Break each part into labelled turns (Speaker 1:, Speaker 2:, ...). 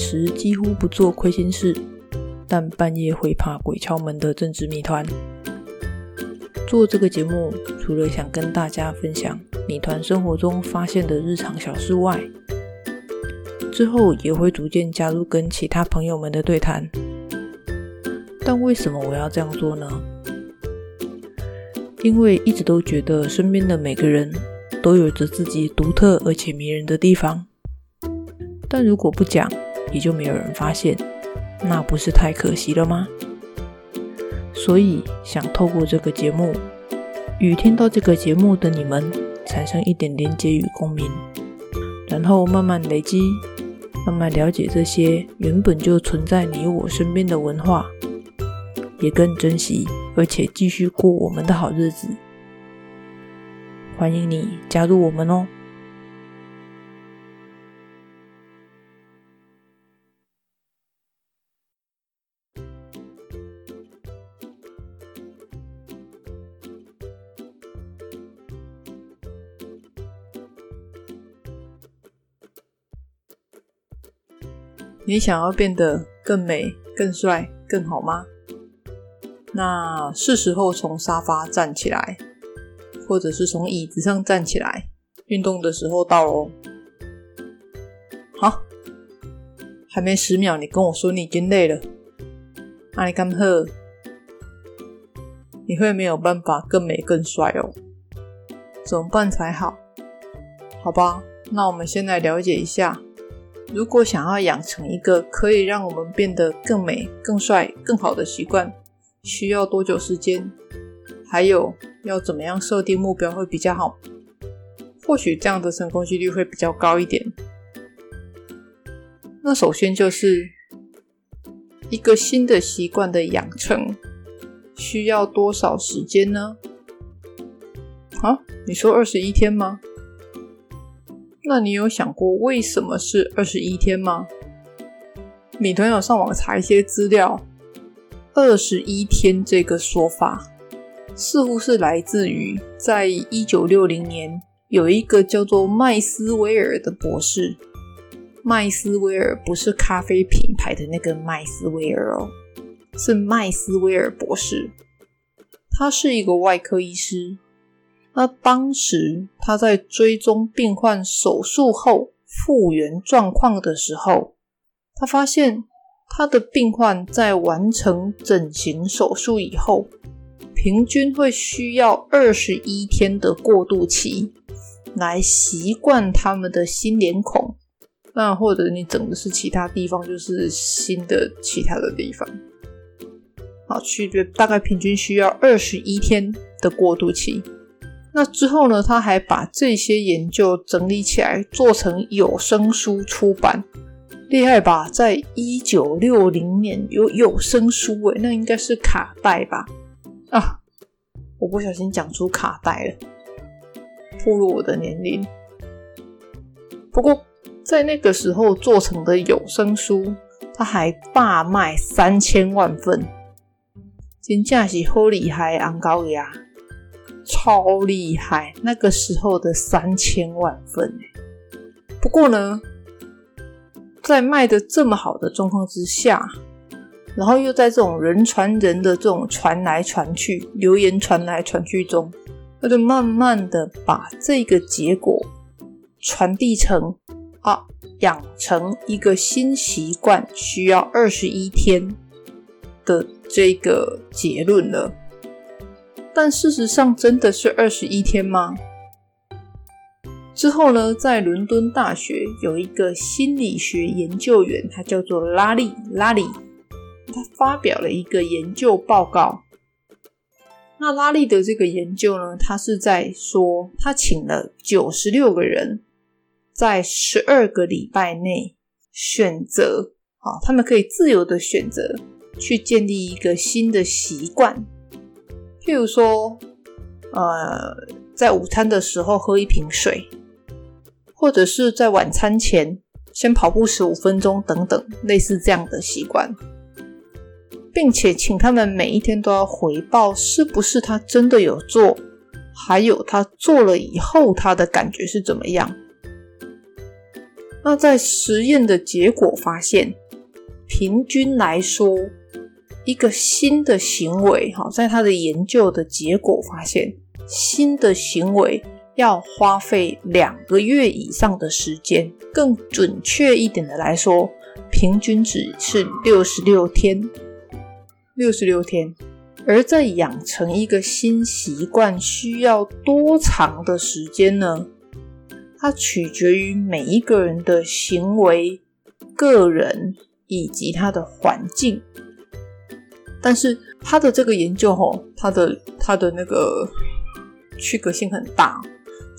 Speaker 1: 時幾乎不做虧心事，但半夜會怕鬼敲門的正直米團。做這個節目，除了想跟大家分享米團生活中發現的日常小事外，之後也會逐漸加入跟其他朋友們的對談。但為什麼我要這樣做呢？因為一直都覺得身邊的每個人都有着自己獨特而且迷人的地方，但如果不講。也就沒有人發現，那不是太可惜了嗎？所以想透過這個節目，與聽到這個節目的你們，產生一點連接與共鳴，然後慢慢累積，慢慢了解這些原本就存在你我身邊的文化，也更珍惜，而且繼續過我們的好日子。歡迎你加入我們哦！你想要變得更美、更帥、更好嗎？那是時候從沙發站起來，或者是從椅子上站起來。運動的時候到哦。好，還沒十秒，你跟我說你已經累了，阿里 r 特，你會沒有辦法更美、更帥哦。怎麼辦才好？好吧，那我們先在了解一下。如果想要養成一個可以讓我們變得更美、更帥、更好的習慣，需要多久時間？還有要怎麼樣設定目標會比較好？或許這樣的成功幾率會比較高一點。那首先就是一個新的習慣的養成需要多少時間呢？啊，你說21天嗎？那你有想過為什麼是二十一天嗎？米團有上網查一些資料，二十一天這個說法似乎是來自於在一九六零年有一個叫做麥斯威爾的博士。麥斯威爾不是咖啡品牌的那個麥斯威爾哦，是麥斯威爾博士，他是一個外科醫師。那當時他在追蹤病患手術後復原狀況的時候，他發現他的病患在完成整形手術以後，平均會需要二十一天的過渡期來習慣他們的新臉孔。那或者你整的是其他地方，就是新的其他的地方，好，區別大概平均需要二十一天的過渡期。那之後呢？他還把這些研究整理起來，做成有聲書出版，厲害吧？在一九六零年有有聲書，誒，那應該是卡帶吧？啊，我不小心講出卡帶了，暴露我的年齡。不過在那個時候做成的有聲書，他還霸賣三千萬份，真正是好厲害的紅螞蟻啊。超厲害！那個時候的三千萬份哎，不過呢，在賣的這麼好的狀況之下，然後又在這種人傳人的這種傳來傳去、流言傳來傳去中，那就慢慢的把這個結果傳遞成啊，養成一個新習慣需要二十一天的這個結論了。但事實上，真的是二十一天嗎？之後呢，在倫敦大學有一個心理學研究員，他叫做拉力。拉力他發表了一個研究報告。那拉力的這個研究呢，他是在說，他請了九十六個人，在十二個禮拜內選擇，好，他們可以自由的選擇去建立一個新的習慣。例如說，呃，在午餐的時候喝一瓶水，或者是在晚餐前先跑步十五分鐘等等，類似這樣的習慣，並且請他們每一天都要回報是不是他真的有做，還有他做了以後他的感覺是怎麼樣。那在實驗的結果發現，平均來說。一個新的行為，哈，在他的研究的結果發現，新的行為要花費兩個月以上的時間。更準確一點的來說，平均只是六十六天，六十六天。而在養成一個新習慣需要多長的時間呢？它取決於每一個人的行為、個人以及他的環境。但是他的這個研究吼、喔，他的他的那個區隔性很大、喔，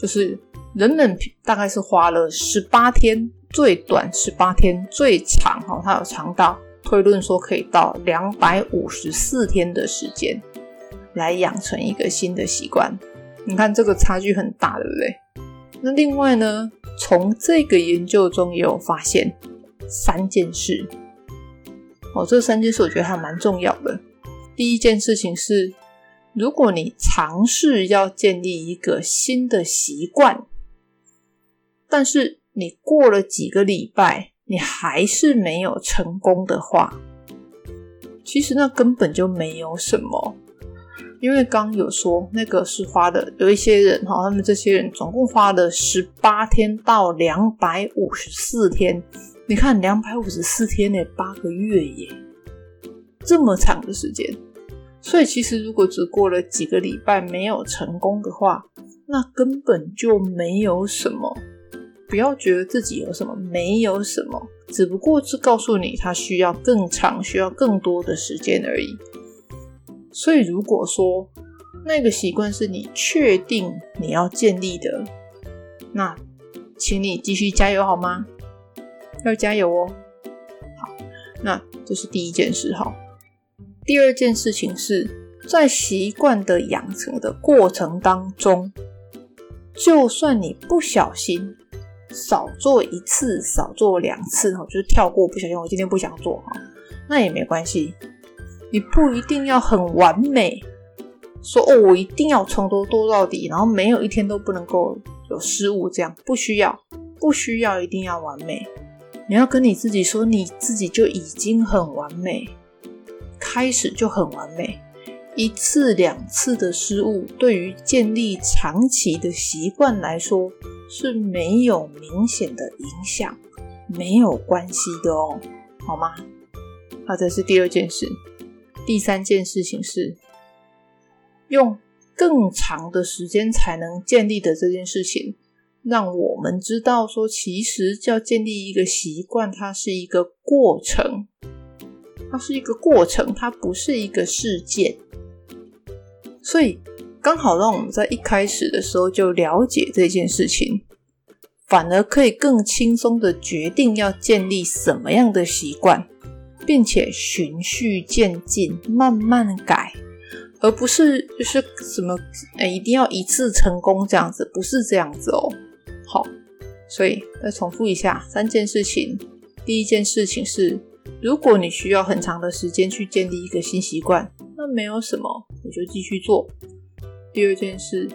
Speaker 1: 就是人們大概是花了十八天，最短十八天，最長哈、喔，他有長到推論說可以到兩百五十四天的時間來養成一個新的習慣。你看這個差距很大，對不對？那另外呢，從這個研究中也有發現三件事。哦，這三件事我覺得還蠻重要的。第一件事情是，如果你嘗試要建立一個新的習慣，但是你過了幾個禮拜，你還是沒有成功的話，其實那根本就沒有什麼。因為剛有說，那個是花的，有一些人哈、哦，他們這些人總共花了十八天到兩百五十四天。你看，兩百五十四天內八個月耶，這麼長的時間。所以，其實如果只過了幾個禮拜沒有成功的話，那根本就沒有什麼。不要覺得自己有什麼，沒有什麼，只不過是告訴你，它需要更長，需要更多的時間而已。所以，如果說那個習慣是你確定你要建立的，那請你繼續加油好嗎？要加油哦！好，那這是第一件事哈。第二件事情是在習慣的養成的過程當中，就算你不小心少做一次、少做兩次哈，就是、跳過，不小心我今天不想做哈，那也沒關係。你不一定要很完美，說哦，我一定要從頭做到底，然後沒有一天都不能夠有失誤，這樣不需要，不需要一定要完美。你要跟你自己說，你自己就已經很完美，開始就很完美，一次兩次的失誤對於建立長期的習慣來說是沒有明顯的影響，沒有關係的哦，好嗎？好，啊，這是第二件事。第三件事情是用更長的時間才能建立的這件事情。讓我們知道說，其實要建立一個習慣，它是一個過程，它是一個過程，它不是一個事件。所以，剛好讓我們在一開始的時候就了解這件事情，反而可以更輕鬆地決定要建立什麼樣的習慣，並且循序漸進，慢慢改，而不是就是什麼、欸、一定要一次成功這樣子，不是這樣子哦。好，所以再重複一下三件事情。第一件事情是，如果你需要很長的時間去建立一個新習慣，那沒有什麼，你就繼續做。第二件事，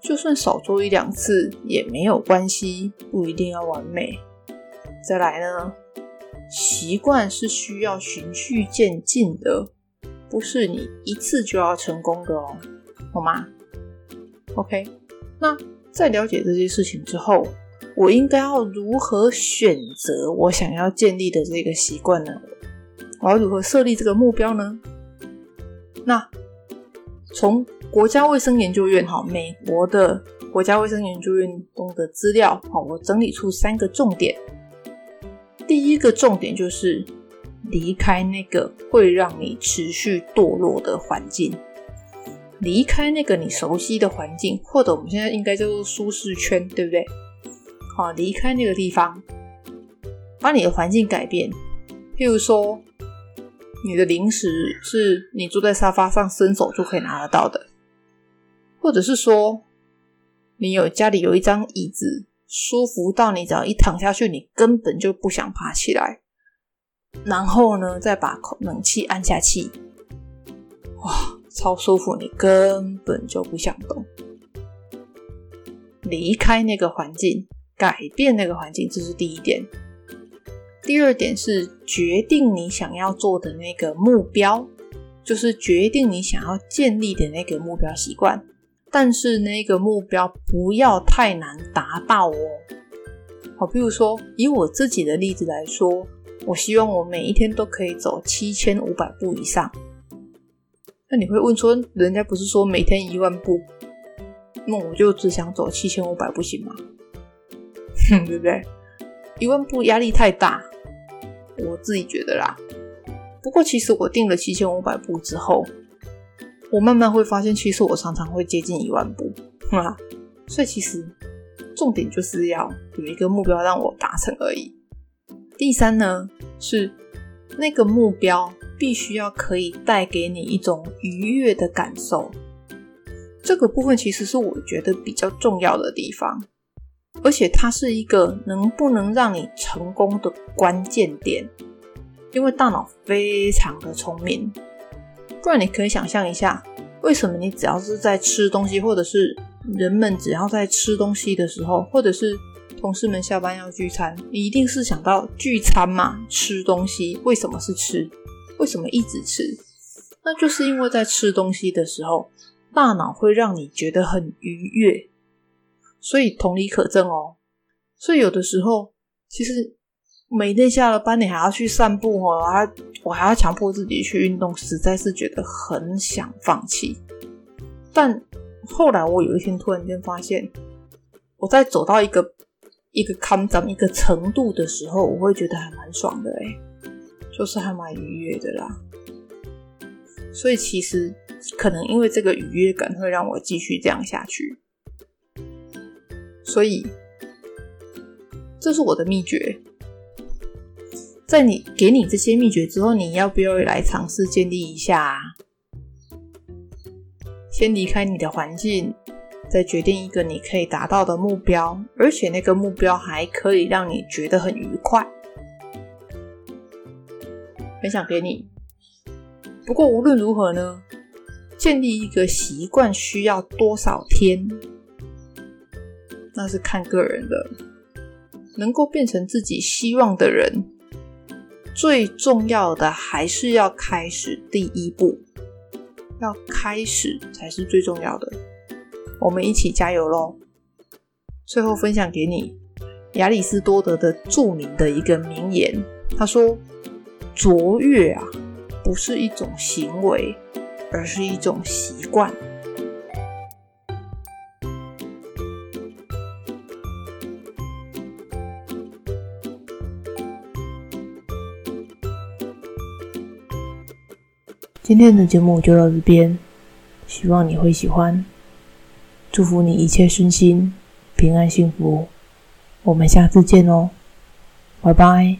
Speaker 1: 就算少做一兩次也沒有關係，不一定要完美。再來呢，習慣是需要循序漸進的，不是你一次就要成功的喔，好嗎？OK，那。在了解這些事情之後，我應該要如何選擇我想要建立的這個習慣呢？我要如何設立這個目標呢？那從國家衛生研究院哈，美國的國家衛生研究院中的資料哈，我整理出三個重點。第一個重點就是離開那個會讓你持續墮落的環境。離開那個你熟悉的環境，或者我們現在應該叫做「舒適圈」，對不對？好，離開那個地方，把你的環境改變。譬如說，你的零食是你坐在沙發上伸手就可以拿得到的，或者是說，你有家裡有一張椅子，舒服到你只要一躺下去，你根本就不想爬起來。然後呢，再把冷氣按下去，哇！超舒服，你根本就不想動。離開那個環境，改變那個環境，這是第一點。第二點是決定你想要做的那個目標，就是決定你想要建立的那個目標習慣。但是那個目標不要太難達到哦。好，比如說以我自己的例子來說，我希望我每一天都可以走七千五百步以上。那你會問說，人家不是說每天一萬步，那我就只想走七千五百步行嗎？哼， 對不對？一萬步壓力太大，我自己覺得啦。不過其實我定了七千五百步之後，我慢慢會發現，其實我常常會接近一萬步啊。所以其實重點就是要有一個目標讓我達成而已。第三呢，是。那個目標必須要可以帶給你一種愉悅的感受，這個部分其實是我覺得比較重要的地方，而且它是一個能不能讓你成功的關鍵點，因為大腦非常的聰明，不然你可以想象一下，為什麼你只要是在吃東西，或者是人們只要在吃東西的時候，或者是。同事們下班要聚餐，你一定是想到聚餐嘛，吃東西。為什麼是吃？為什麼一直吃？那就是因為在吃東西的時候，大腦會讓你覺得很愉悅，所以同理可證哦。所以有的時候，其實每天下了班，你還要去散步哦，然後我，我還要強迫自己去運動，實在是覺得很想放棄。但後來我有一天突然間發現，我在走到一個。一個誇張一個程度的時候，我會覺得還蠻爽的誒，就是還蠻愉悅的啦。所以其實可能因為這個愉悅感會讓我繼續這樣下去。所以這是我的秘訣。在你給你這些秘訣之後，你要不要來嘗試建立一下？先離開你的環境。再決定一個你可以達到的目標，而且那個目標還可以讓你覺得很愉快，很想給你。不過無論如何呢，建立一個習慣需要多少天，那是看個人的。能夠變成自己希望的人，最重要的還是要開始第一步，要開始才是最重要的。我們一起加油嘍！最後分享給你亞里斯多德的著名的一個名言，他說：“卓越啊，不是一種行為，而是一種習慣。”今天的節目就到這邊，希望你會喜歡。祝福你一切順心，平安幸福。我們下次見哦，拜拜。